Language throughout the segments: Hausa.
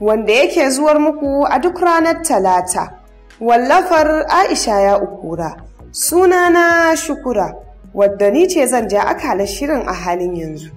wanda yake zuwar muku a duk ranar talata wallafar aisha ya ukura sunana shukura wadda ni ce zan ja akalar shirin a halin yanzu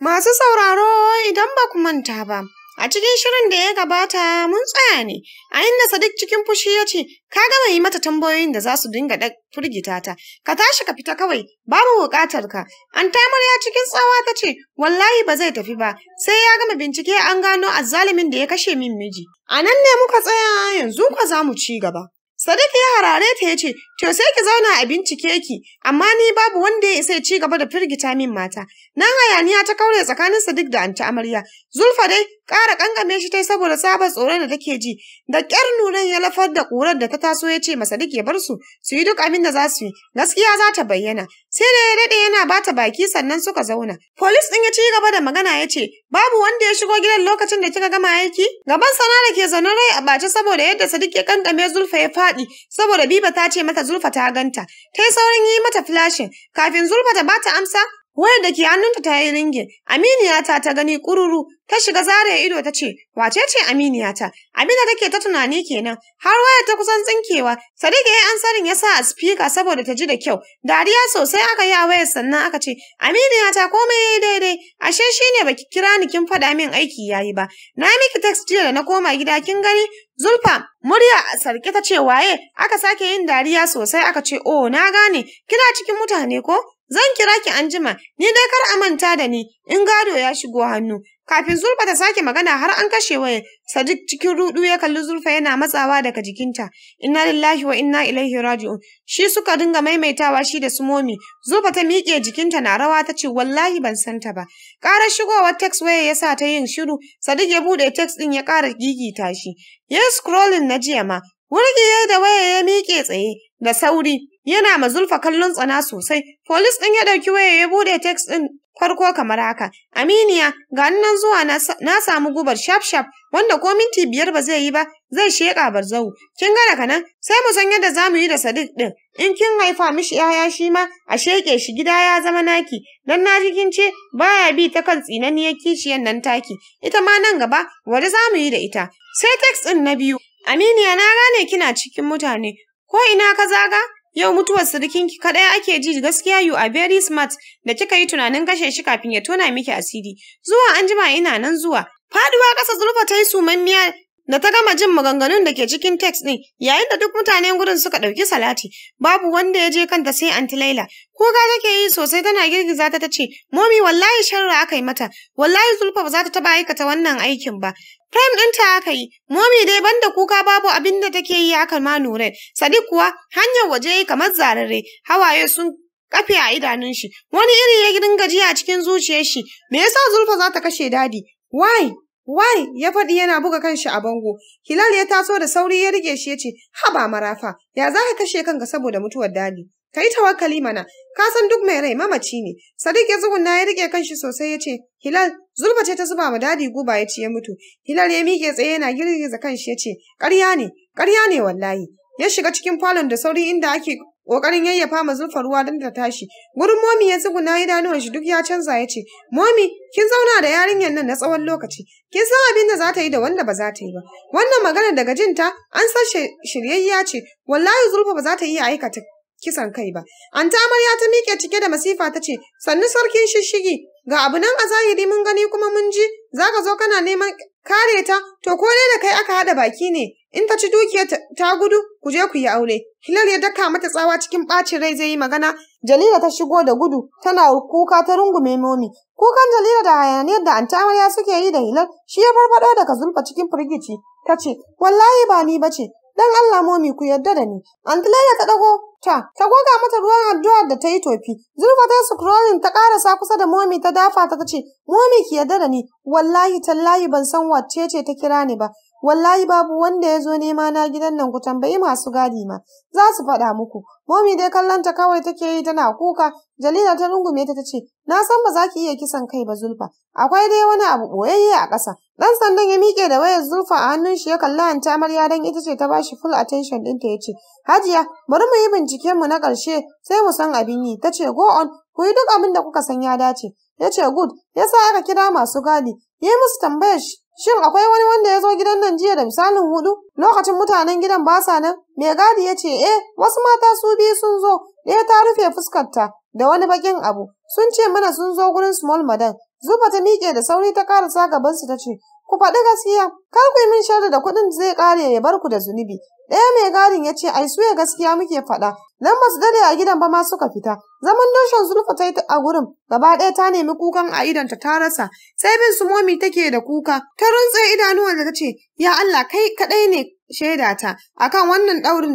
Masu sauraro idan ba ku manta ba, A cikin shirin da ya gabata mun tsaya ne, a inda Sadiq cikin fushi ya ce, ka gama yi mata tambayoyin da za su dinga da firgita ta, ka tashi ka fita kawai, babu buƙatar ka. An ya cikin tsawa ta ce, wallahi ba zai tafi ba, sai ya gama bincike an gano azzalimin da ya kashe min miji. A nan ne muka tsaya yanzu kwa za mu ci gaba. Sadiq ya harare ta ya ce, To sai ki zauna a bincike ki, amma ni babu wanda ya isa ya ci gaba da firgita min mata. Nan hayaniya ta kaure tsakanin Sadiq da Anta Amarya, Zulfa dai ƙara ƙanƙame shi ta saboda sabon tsoron da take ji, da ƙyar nunan ya lafar da ƙurar da ta taso ya ce masa duk ya bar su, su yi duk abin da za su yi, gaskiya za ta bayyana. Sai da ya daɗe yana ba ta baki sannan suka zauna. Polis ɗin ya ci gaba da magana ya ce, babu wanda ya shigo gidan lokacin da kika gama aiki? Gaban sana da ke zaune rai a ɓace saboda yadda Sadiq ya ƙanƙame Zulfa ya faɗi, saboda Biba ta ce mata Zulfa ta ganta. Ta yi saurin yi mata flashin, kafin Zulfa ta ba ta amsa, Wayar da ke hannunta ta yi ringin, aminiyata ta gani kururu. ta shiga zare ido ta ce, wace ce aminiyata? abinda take ta tunani kenan, har wayar ta kusan tsinkewa, Sadiqa ya ansarin ya sa a spika saboda ta ji da kyau, dariya sosai aka yi a wayar sannan aka ce, aminiyata komai ya yi daidai, ashe shi ne baki kira ni kin faɗa min aiki ya yi ba, na miki text jiya da na koma gida kin gani, Zulfa, murya a sarki ta ce waye, aka sake yin dariya sosai aka ce, oh na gane, kina cikin mutane ko? Zan kira ki anjima, ni dai kar a manta da ni in gado ya shigo hannu. Kafin Zulfa ta sake magana har an kashe waya, Sadiq cikin rudu ya kalli Zulfa yana matsawa daga jikinta. Inna lillahi wa inna ilaihi raji'un. Shi suka dinga maimaitawa shi da sumomi. Zulfa ta miƙe jikinta na rawa ta ce wallahi ban san ta ba. ƙarar shigowar text waya ya sa ta yin shiru, Sadiq ya buɗe text ɗin ya ƙara gigita shi. Ya scrolling na jiya ma, yi da waya ya miƙe tsaye da sauri, yana ma Zulfa kallon tsana sosai. Polis ɗin ya ɗauki waya ya buɗe text ɗin farko kamar haka. Aminiya, ga nan zuwa na samu gubar shaf-shaf wanda ko minti biyar ba zai yi ba, zai sheƙa barzahu. Kin ga daga nan, sai mu san yadda za mu yi da Sadiq ɗin. In kin haifa mishi ‘ya'ya shi ma, a sheƙe shi gida ya zama naki. Dan na ji kin ce, baya bi ta kan tsinaniyar kishiyan nan taki. Ita ma nan gaba, wani za mu yi da ita. Sai text ɗin na biyu, Aminiya na gane kina cikin mutane, ko ina ka zaga? Yau mutuwar sirikinki kaɗai ake ji gaskiya you are very smart da kika yi tunanin kashe shi kafin ya tona miki asiri. Zuwa anjima ina nan zuwa. Faduwa ƙasa zurfa ta yi sumammiya Da ta gama jin maganganun da ke cikin text ɗin, yayin da duk mutanen gurin suka ɗauki salati, babu wanda ya je kanta sai anti Laila. Kuka take yi sosai tana girgiza ta ta ce, Momi wallahi sharra aka yi mata, wallahi Zulfa ba za ta taɓa aikata wannan aikin ba. Prime ɗinta aka yi, Momi dai banda kuka babu abin da take yi aka ma Nuren. Sadiq kuwa hanyar waje kamar zarare, hawaye sun kafe a idanun shi, wani iri ya dinga gajiya cikin zuciyar shi, me yasa Zulfa za ta kashe dadi? Why? Wai, ya faɗi yana buga kanshi a bango. Hilal ya taso da sauri ya rike shi ya ce, Haba marafa, ya za ka kashe kanka saboda mutuwar dadi. Ka yi tawakkali mana, ka san duk mai rai mamaci ne. Sadiq ya tsugunna ya rike kanshi sosai ya ce, Hilal, zulba ce ta zuba ma dadi guba ya ce ya mutu. Hilal ya miƙe tsaye yana girgiza kanshi ya ce, Ƙarya ne, ƙarya ne wallahi. Ya shiga cikin falon da sauri inda ake Ƙoƙarin yayyafa ma zulfa ruwa don ta tashi. Gurin momi ya tsuguna idanuwan shi duk ya canza ya ce, Momi, kin zauna da yarinyar nan na tsawon lokaci, kin san abin da za ta yi da wanda ba za ta yi ba. Wannan magana daga jinta an san shiryayya ce, wallahi zulfa ba za ta iya aikata kisan kai ba. Anta amarya ta miƙe cike da masifa ta ce, sannu sarkin shishigi, ga abu nan a zahiri mun gani kuma mun ji, za ka zo kana neman kare ta, to ko dai da kai aka haɗa baki ne, In ta ci dukiyar ta gudu, ku je ku yi aure. Hilal ya daka mata tsawa cikin ɓacin rai zai yi magana. Jalila ta shigo da gudu, tana kuka ta rungume momi. Kukan Jalila da hayaniyar da anta amarya suke yi da Hilal, shi ya farfaɗo daga zulfa cikin firgici. Ta ce, wallahi ba ni bace, Dan Allah momi ku yarda da ni. Antilela ta dago ta, ta goga mata ruwan addu'ar da ta yi tofi. Zulfa ta scrolling ta karasa kusa da momi ta dafa ta tace, "Momi ki yarda da ni, wallahi tallahi ban san wacce ce ta kira ni ba." Wallahi babu wanda ya zo nema na gidan nan ku tambayi masu gadi ma, za su faɗa muku. Momi dai kallon ta kawai take yi tana kuka, Jalila ta rungume ta tace, "Na san ba za ki iya kisan kai ba Zulfa, akwai dai wani abu boyayye a ƙasa." Ɗan sandan ya miƙe da wayar zurfa a hannun shi ya kalli hanta Amarya don ita ce ta ba shi full attention ɗinta ya ce, Hajiya, bari mu yi binciken mu na ƙarshe sai mu san abin yi. Ta ce, Go on, ku yi duk abin da kuka san ya dace. Ya ce, Good, ya sa aka kira masu gadi. Ya yi musu tambayar Shin akwai wani wanda ya zo gidan nan jiya da misalin hudu? Lokacin mutanen gidan ba sa nan? Mai gadi ya ce, eh, wasu mata su biyu sun zo, ɗaya ta rufe fuskarta da wani bakin abu. Sun ce mana sun zo gurin small madam. Zuba ta miƙe da sauri ta karasa gabansu ta ce, Ku faɗi gaskiya, kar ku yi min sharri da kuɗin zai ƙare ya bar ku da zunubi. Ɗaya mai garin ya ce, Ai su suya gaskiya muke faɗa, nan ba su dade a gidan ba ma suka fita. Zaman doshon zulfa ta yi a gurin, gaba ɗaya ta nemi kukan a idonta ta rasa, sai bin su momi take da kuka. Ta runtse idanuwan da ta ce, Ya Allah, kai kaɗai ne shaidata akan wannan ɗaurin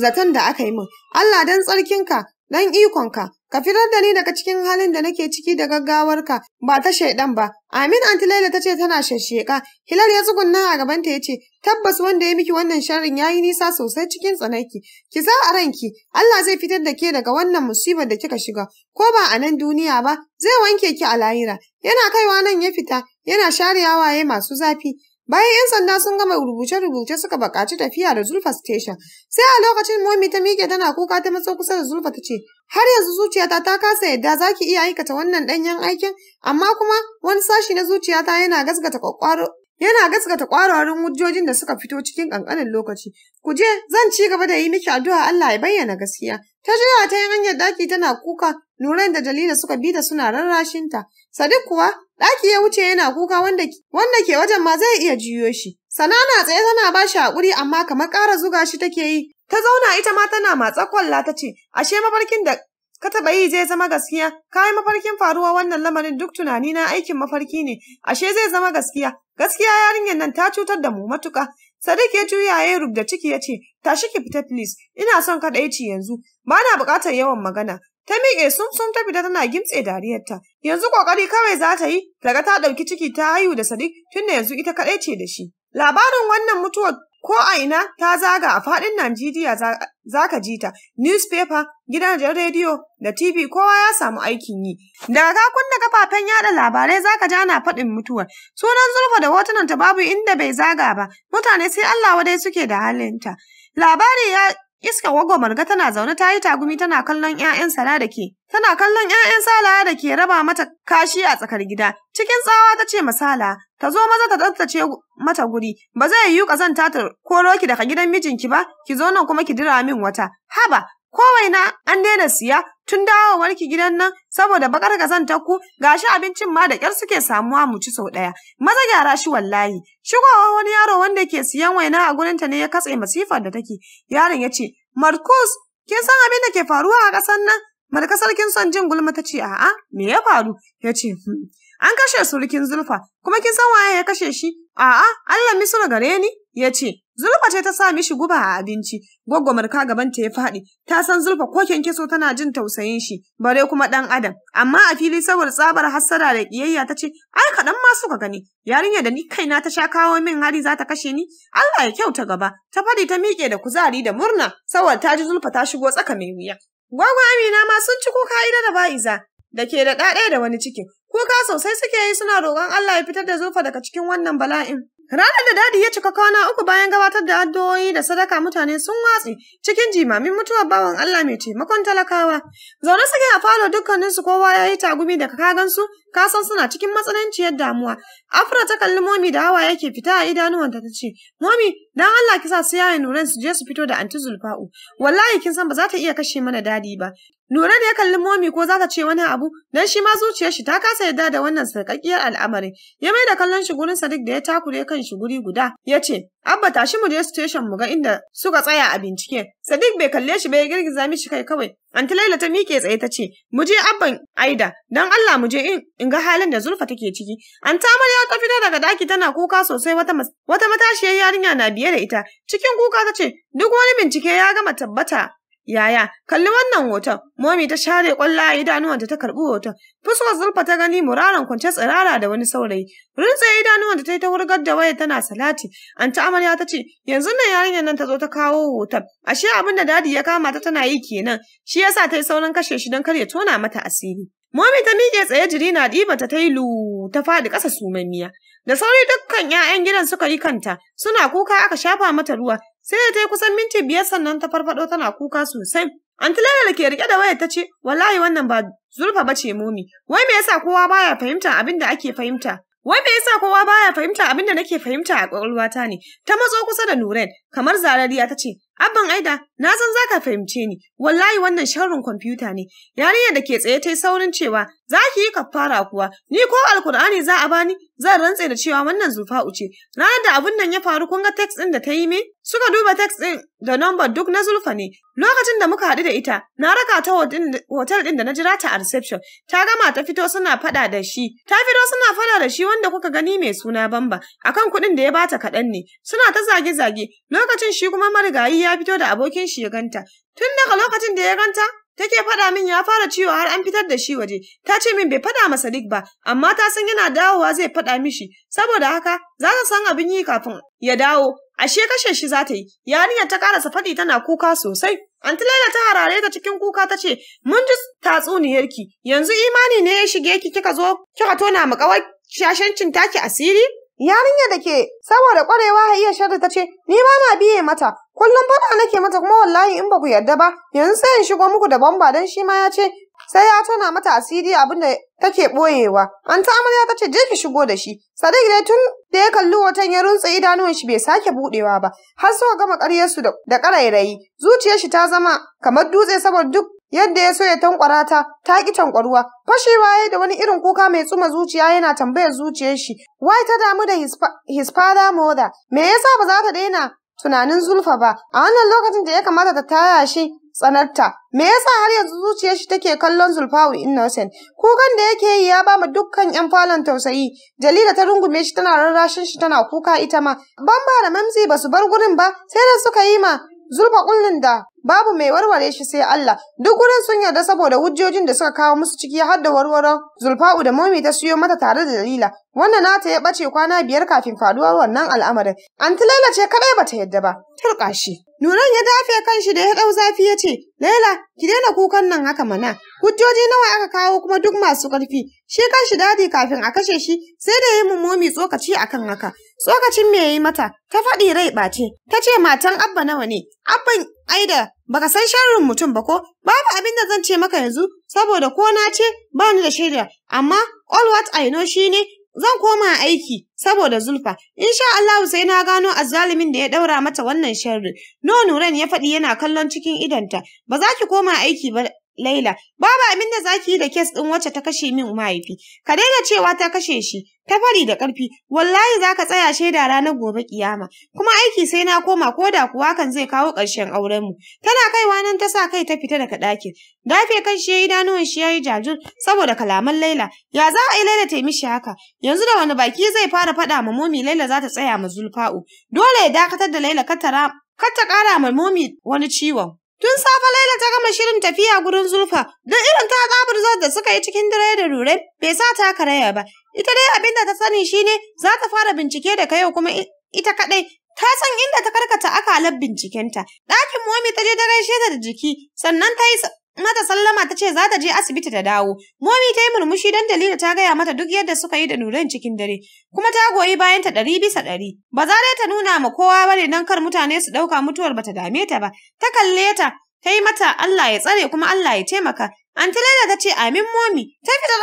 zaton da aka yi min. Allah don tsarkinka, don ikonka, Ka fitar da ni daga cikin halin da nake ciki da gaggawarka ba ta shaidan ba. Amin anti Laila ta ce tana shasheka. Hilar ya tsugunna a gabanta ya ce, Tabbas wanda ya miki wannan sharrin ya yi nisa sosai cikin tsanaki. Ki za a ranki, Allah zai fitar da ke daga wannan musibar da kika shiga, ko ba a nan duniya ba, zai wanke ki a lahira. Yana kaiwa nan ya fita, yana share waye masu zafi. Bayan 'yan sanda sun gama rubuce-rubuce suka buƙaci tafiya da Zulfa station, sai a lokacin Momi ta miƙe tana kuka ta matso kusa da Zulfa ta ce, Har yanzu zuciyata ta kasa yadda za ki iya aikata wannan ɗanyen aikin, amma kuma wani sashi na zuciyata yana gasgata kwakwaro yana gasgata kwararin hujjojin da suka fito cikin kankanin lokaci. Ku je, zan ci gaba da yi miki addu'a Allah ya bayyana gaskiya. Ta jira ta yin hanyar daki tana kuka, Nuran da Jalila suka bi ta suna rarrashinta. Sadiq kuwa ɗaki ya wuce yana kuka wanda wanda ke wajen ma zai iya jiyo shi. Sanana tsaye tana ba shi haƙuri amma kamar ƙara zuga shi take yi. Ta zauna ita ma tana matsa kwalla ta ce, ashe mafarkin da ka taɓa yi zai zama gaskiya, ka yi mafarkin faruwa wannan lamarin duk tunani na aikin mafarki ne, ashe zai zama gaskiya. Gaskiya yarinyar nan ta cutar da mu matuƙa. Sadiq ya juya ya rubda ciki ya ce, tashi ki fita please, ina son kaɗaici yanzu, ba na buƙatar yawan magana, Ta miƙe sun sun ta fita tana gimtse dariyarta. Yanzu ƙoƙari kawai za ta yi, daga ta ɗauki ciki ta haihu da Sadiq tunda yanzu ita kaɗai ce da shi. Labarin wannan mutuwar ko a ina ta zaga a faɗin Najeriya za ka ji ta, newspaper, gidajen rediyo da TV kowa ya samu aikin yi. Daga ka kunna kafafen yaɗa labarai za ka ji ana faɗin mutuwar. Sunan zurfa da hotunanta babu inda bai zaga ba, mutane sai Allah wadai suke da halinta. Labari ya Iskar marga tana zaune ta yi tagumi tana kallon ‘ya'yan sala da ke, tana kallon ‘ya'yan sala da ke raba mata kashi a tsakar gida. Cikin tsawa ta ce masala, ta zo maza ta tsaftace mata guri, ba zai yiwu ƙazanta ta koro ki daga gidan mijinki ba, ki zo nan kuma ki dira min wata. Haba, kowai na an daina siya, tun dawowarki gidan nan saboda bakar kazantar ku gashi abincin ma da kyar suke samuwa mu ci sau ɗaya. Maza gyara shi wallahi. Shigowa wani yaro wanda ke siyan waina a gurinta ne ya katse masifar da take. Yaron ya ce, Markus, kin san abin da ke faruwa a ƙasar nan? Malka sarkin son jin gulma ta ce, a'a, me ya faru? Ya ce, hmm, an kashe surukin zulfa, kuma kin san waye ya kashe shi? A'a, Allah misra gare ni? ya ce, Zulfa ce ta sa mishi guba a abinci, gwaggwamar ka gabanta ya faɗi, ta san Zulfa ko kyankyaso tana jin tausayin shi, bare kuma ɗan Adam. Amma a fili saboda tsabar hassara da ƙiyayya ta ce, ai kaɗan ma suka gani, yarinya da ni kaina ta sha kawo min hari za ta kashe ni, Allah ya kyauta gaba, ta faɗi ta miƙe da kuzari da murna, saboda ta ji Zulfa ta shigo tsaka mai wuya. Gwagwa Amina ma sun ci kuka ida da ba'iza, da ke da ɗaɗaya da wani cikin, kuka sosai suke yi suna roƙon Allah ya fitar da Zulfa daga cikin wannan bala'in. Ranar da dadi ya cika kwana uku bayan gabatar da addu'o'i da sadaka mutane sun watse cikin jimamin mutuwar bawan Allah mai taimakon talakawa. Zaune suke a falo dukkaninsu kowa ya yi tagumi daga kagansu, kasan suna cikin matsananciyar damuwa Afra ta kalli Momi da hawa yake fita a idanuwanta ta ce, Momi, don Allah ki sa su yaya Nuran su je su fito da anti Zulfa'u. Wallahi kin san ba za ta iya kashe mana dadi ba. da ya kalli Momi ko za ta ce wani abu, Don shi ma zuciyar shi ta kasa yadda da wannan sarkakkiyar al'amarin. Ya mai da kallon shi gurin Sadiq da ya takure kan shi guri guda, ya ce, Abba tashi mu je station mu ga inda suka tsaya a bincike. Sadiq bai kalle shi ba ya girgiza mishi kai kawai. Anti Laila ta miƙe tsaye ta ce, "Mu je abban Aida, don Allah mu je in ga halin da Zulfa take ciki." Anta Amarya ta fito daga daki tana kuka sosai wata wata matashiyar yarinya na biye da ita. Cikin kuka ta ce, "Duk wani bincike ya gama tabbata Yaya, kalli wannan hoton, Momi ta share kwallo a idanuwanta ta karɓi hoton. Fuskar zurfa ta gani muraran kwance tsirara da wani saurayi. Rintse idanuwanta ta yi ta wurgar da waya tana salati. Anta amarya ta ce, yanzu nan yarinyar nan ta zo ta kawo hoton. Ashe abin da dadi ya kama ta tana yi kenan. Shi yasa ta yi saurin kashe shi don kar ya tona mata asiri. Momi ta miƙe tsaye jiri na ɗiba ta yi lu ta faɗi ƙasa sumammiya. Da sauri dukkan ‘ya'yan gidan suka yi kanta, suna kuka aka shafa mata ruwa, Sai da ta yi kusan minti biyar sannan ta farfaɗo tana kuka sosai. Antilara da ke rike da wayar ta ce, wallahi wannan ba zurfa ba ce momi. Wai me yasa kowa baya fahimta abin da ake fahimta? Wai me yasa kowa baya fahimta abin da nake fahimta a ƙwaƙwalwata ne? Ta matso kusa da Nuren, kamar zarariya ta ce, Abban Aida, na san za ka fahimce ni, wallahi wannan sharrin kwamfuta ne. Yarinyar da ke tsaye ta yi saurin cewa, za ki yi kafara kuwa, ni ko alkur'ani za a bani, zan rantse da cewa wannan zufa uce. Ranar da abun nan ya faru kun ga text ɗin da ta yi me? Suka duba text ɗin da number duk na zulfa ne. Lokacin da muka haɗu da ita, na raka ta hotel ɗin da na jira ta a reception. Ta gama ta fito suna faɗa da shi. Ta fito suna faɗa da shi wanda kuka gani mai suna bamba, akan kuɗin da ya bata kaɗan ne. Suna ta zage-zage, lokacin shi kuma marigayi ya ya fito da abokin shi ya ganta. Tun daga lokacin da ya ganta, take faɗa min ya fara ciwo har an fitar da shi waje. Ta ce min bai faɗa masa Sadiq ba, amma ta san yana dawowa zai faɗa mishi. Saboda haka, za ta san abin yi kafin ya dawo. Ashe kashe shi za ta yi. Yarinyar ta karasa faɗi tana kuka sosai. Anti Laila ta harare ta cikin kuka ta ce, "Mun ji tatsuniyarki, yanzu imani ne ya shige ki kika zo kika tona mu kawai shashancin taki asiri?" Yarinya da ke saboda kwarewa iya sharri ta ce, Ni ma na biye mata, kullum fada nake mata kuma wallahi in ba ku yarda ba, yanzu sai in shigo muku da bamba dan shi ma ya ce, sai ya tona mata asiri abin da take ɓoyewa. An ta amarya ta ce, Je ki shigo da shi. Sadiq dai tun da ya kalli hoton ya runtse idanuwan shi bai sake buɗewa ba, har suka gama su da ƙarairayi. Zuciyar shi ta zama kamar dutse saboda duk Yadda ya so ya tankwara ta, ta ƙi tankwaruwa. Fashewa yayi da wani irin kuka mai tsuma zuciya yana tambayar zuciyar shi. Wai ta damu da his father mother. Me yasa ba za ta daina tunanin Zulfa ba? A wannan lokacin da ya kamata ta taya shi tsanarta. Me yasa har yanzu zuciyar shi take kallon Zulfawu Innocent? Kukan da yake yi ya ba mu dukkan 'yan falon tausayi. Jalila ta rungume shi tana rarrashin shi tana kuka ita ma. Bamba da Mamsi ba su bar gurin ba sai da suka yi ma Zulfa kullun da babu mai warware shi sai Allah duk gurin sun yarda saboda hujjojin da suka kawo musu ciki har da warwaron Zulfa'u da Momi ta siyo mata tare da Dalila wannan nata ya bace kwana biyar kafin faduwar wannan al'amarin anti Laila ce kadai bata yadda ba turka shi Nuran ya dafe kan shi da ya dau zafi ya ce Laila ki daina kukan nan haka mana hujjoji nawa aka kawo kuma duk masu karfi shi kanshi dadi kafin a kashe shi sai da yi momi tsokaci akan haka tsokacin me yayi mata ta faɗi rai ɓace ta ce matan abba nawa ne abban Aida, baka san sharrin mutum ba ko? Babu abin da zan ce maka yanzu saboda ko na ce ba ni da shaida, amma all what I know shine zan koma aiki saboda Zulfa. Insha Allah sai na gano azzalumin da ya daura mata wannan sharrin. No Nuran ya faɗi yana kallon cikin idanta. Ba za ki koma aiki ba Laila, babu abin da zaki yi da kes ɗin wacce ta kashe min mahaifi. Ka daina cewa ta kashe shi, ta fari da ƙarfi, wallahi za ka tsaya shaida ranar gobe kiyama. Kuma aiki sai na koma ko da kuwa kan zai kawo ƙarshen aurenmu. Tana kaiwa nan ta sa kai ta fita daga ɗakin. Dafe kan shi ya yi danuwan shi ya yi jajur saboda kalaman Laila. Ya za a yi Laila ta yi mishi haka? Yanzu da wani baki zai fara faɗa ma momi Laila za ta tsaya ma Zulfa'u. Dole ya dakatar da Laila kar ta ƙara ma momi wani ciwon. Tun safe Laila ta gama shirin tafiya gurin Zulfa, don irin ta tsaburzar da suka yi cikin dare da rurai bai sa ta karaya ba. Ita dai abin da ta sani shi ne, za ta fara bincike daga yau kuma ita kaɗai ta san inda ta karkata akalar bincikenta. Ɗakin Momi ta je ta gaishe ta da jiki, sannan ta yi Mata sallama ta ce za ta je asibiti ta dawo. Momi ta yi murmushi don Dalila ta gaya mata duk yadda suka yi da nuran cikin dare, kuma ta goyi bayan ta ɗari bisa ɗari. Ba za ta nuna ma kowa ba ne don kar mutane su ɗauka mutuwar bata dame ta ba. Ta kalle ta, ta yi mata Allah ya tsare kuma Allah ya taimaka. Antalena ta ce amin momi, ta fita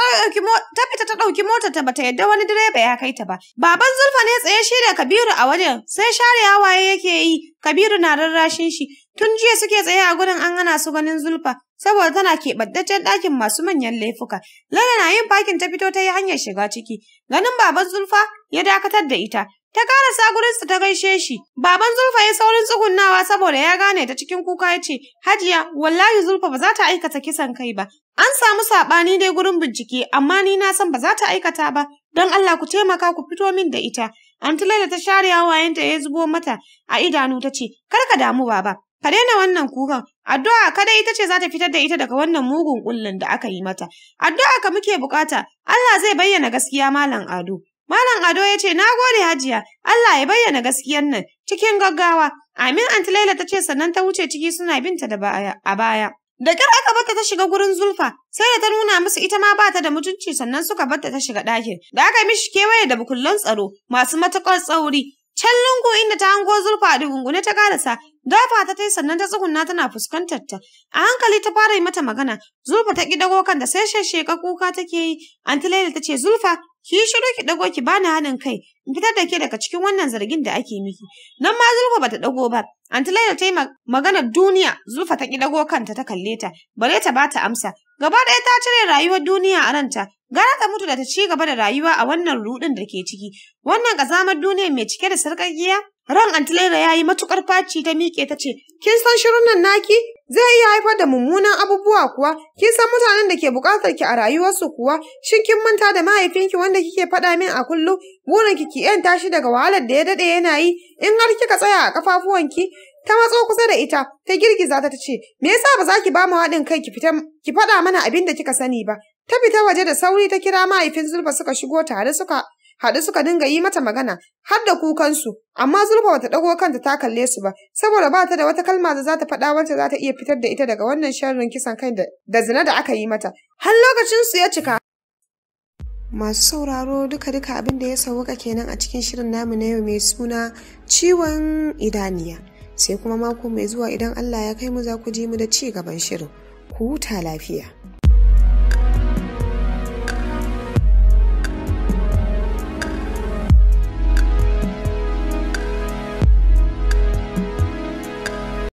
ta ɗauki mota ta bata yadda wani direba ya kai ta ba. Baban Zulfa ne tsaye shi da Kabiru a wajen, sai share hawaye yake yi, Kabiru na rarrashin shi. Tun jiya suke tsaye a gurin an gana su ganin Zulfa, saboda tana keɓantaccen ɗakin masu manyan laifuka. Lala na yin fakin ta fito ta yi hanyar shiga ciki. Ganin baban Zulfa ya dakatar da ita, Ta karasa gurinsa ta gaishe shi. Baban Zulfa ya saurin tsugunnawa saboda ya gane ta cikin kuka ya ce, Hajiya, wallahi Zulfa ba za ta aikata kisan kai ba. An samu saɓani dai gurin bincike, amma ni na san ba za ta aikata ba. Don Allah ku taimaka ku fito min da ita. Antila da ta share hawayenta ya zubo mata a idanu ta ce, Kar ka damu baba, ka daina wannan kukan. Addu'a kada ita ce za ta fitar da ita daga wannan mugun kullun da aka yi mata. Addu'a ka muke bukata, Allah zai bayyana gaskiya Malam Ado. Malam Ado ya ce, Na gode hajiya, Allah ya bayyana gaskiyar nan cikin gaggawa. Amin Anti Laila ta ce sannan ta wuce ciki suna binta da baya, a baya. Da kyar aka bata ta shiga gurin Zulfa, sai da ta nuna musu ita ma bata da mutunci sannan suka bata ta shiga ɗakin. Da aka mishi kewaye da bukullan tsaro masu matuƙar tsauri. Can lungu inda ta hango Zulfa a dungune ta karasa, dafa ta yi sannan ta tsugunna tana fuskantar ta. A hankali ta fara yi mata magana, Zulfa ta ƙi dago kan da sai shasheka kuka take yi. Anti Laila ta ce, Zulfa, Ki shiru ki ɗago, ki bani hannun kai in fitar da ke daga cikin wannan zargin da ake miki. Nan ma Zulfa bata dago ba. Anti Laila ta yi maganar duniya Zulfa ta ki dago kanta ta kalle ta. Bare ta bata amsa. Gaba ɗaya ta cire rayuwar duniya a ranta. Gara ta mutu da ta ci gaba da rayuwa a wannan rudin da ke ciki. Wannan ƙazamar duniya mai cike da sarƙaƙiya. Ran Anti Laila ya yi matuƙar faci ta miƙe ta ce, Kin san shirun nan naki? zai iya haifar da mummunan abubuwa kuwa kin san mutanen da ke bukatar ki a rayuwarsu kuwa shin kin manta da mahaifinki wanda kike faɗa min a kullum burin ki ki yanta shi daga wahalar da ya dade yana yi in har kika tsaya a kafafuwan ki? ta matso kusa da ita ta girgiza ta ce me yasa ba za ki ba mu haɗin kai ki fita ki faɗa mana abin da kika sani ba ta fita waje da sauri ta kira mahaifin Zulfa suka shigo tare suka haɗu suka dinga yi mata magana har da kukansu amma zulfa bata ɗago kanta ta kalle su ba saboda ba ta da wata kalma da za ta faɗa wacce za ta iya fitar da ita daga wannan sharrin kisan kai da zina da aka yi mata har lokacin su ya cika masu sauraro duka duka abin da ya sauka kenan a cikin shirin namu na yau mai suna ciwon idaniya sai kuma mako mai zuwa idan Allah ya kai mu za ku ji mu da ci gaban shirin ku huta lafiya